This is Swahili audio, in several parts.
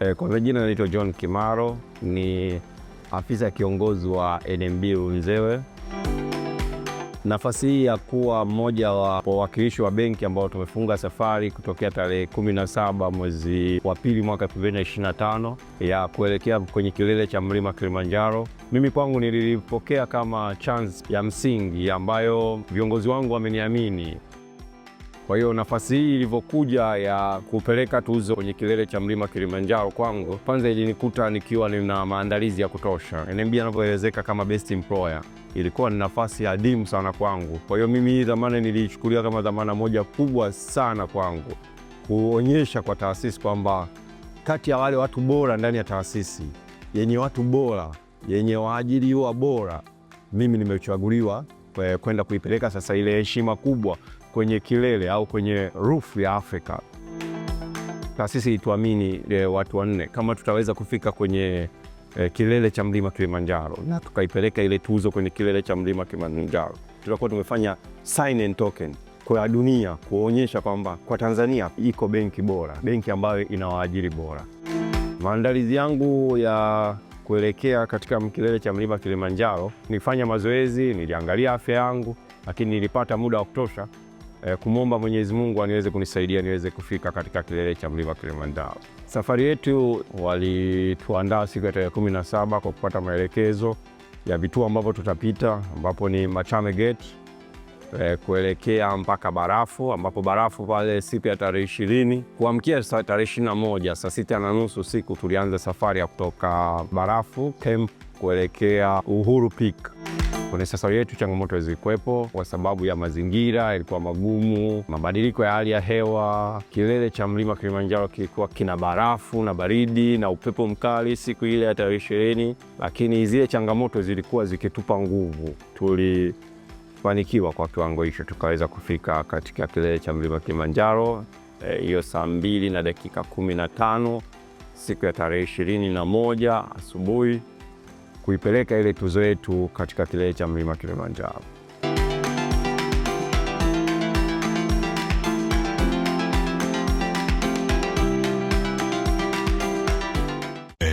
Eh, kwa jina naitwa John Kimaro, ni afisa ya kiongozi wa NMB unzewe Nafasi hii ya kuwa mmoja wa wawakilishi wa benki ambao tumefunga safari kutokea tarehe 17 mwezi wa pili mwaka 2025 ya kuelekea kwenye kilele cha mlima Kilimanjaro, mimi kwangu nilipokea kama chance ya msingi ambayo viongozi wangu wameniamini kwa hiyo nafasi hii ilivyokuja ya kupeleka tuzo kwenye kilele cha mlima Kilimanjaro, kwangu kwanza ilinikuta nikiwa nina maandalizi ya kutosha. NMB anavyoelezeka kama best employer ilikuwa ni nafasi adimu sana kwangu. Kwa hiyo mimi hii dhamana nilichukulia kama dhamana moja kubwa sana kwangu, kuonyesha kwa taasisi kwamba kati ya wale watu bora ndani ya taasisi yenye watu bora yenye waajiriwa bora, mimi nimechaguliwa eh, kwenda kuipeleka sasa ile heshima kubwa kwenye kilele au kwenye roof ya Afrika. Taasisi ituamini e, eh, watu wanne kama tutaweza kufika kwenye e, kilele cha mlima Kilimanjaro na tukaipeleka ile tuzo kwenye kilele cha mlima Kilimanjaro, tutakuwa tumefanya sign and token kwa dunia kuonyesha kwamba kwa Tanzania iko benki bora, benki ambayo inawaajiri bora. Maandalizi yangu ya kuelekea katika kilele cha mlima Kilimanjaro, nifanya mazoezi, niliangalia afya yangu, lakini nilipata muda wa kutosha eh, kumwomba Mwenyezi Mungu aniweze kunisaidia niweze kufika katika kilele cha mlima Kilimanjaro. Safari yetu walituandaa siku ya tarehe kumi na saba kwa kupata maelekezo ya vituo ambavyo tutapita ambapo ni Machame Gate eh, kuelekea mpaka Barafu ambapo Barafu pale siku ya tarehe ishirini kuamkia tarehe ishirini na moja saa sita na nusu siku tulianza safari ya kutoka Barafu camp kuelekea Uhuru Peak. Kwenye sasa yetu changamoto zilikuwepo kwa sababu ya mazingira ilikuwa magumu, mabadiliko ya hali ya hewa. Kilele cha mlima Kilimanjaro kilikuwa kina barafu na baridi na upepo mkali siku ile ya tarehe ishirini, lakini zile changamoto zilikuwa zikitupa nguvu. Tulifanikiwa kwa kiwango hicho, tukaweza kufika katika kilele cha mlima Kilimanjaro eh, hiyo e, saa mbili na dakika kumi na tano siku ya tarehe ishirini na moja asubuhi kuipeleka ile tuzo yetu katika kilele cha mlima Kilimanjaro.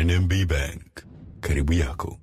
NMB Bank karibu yako.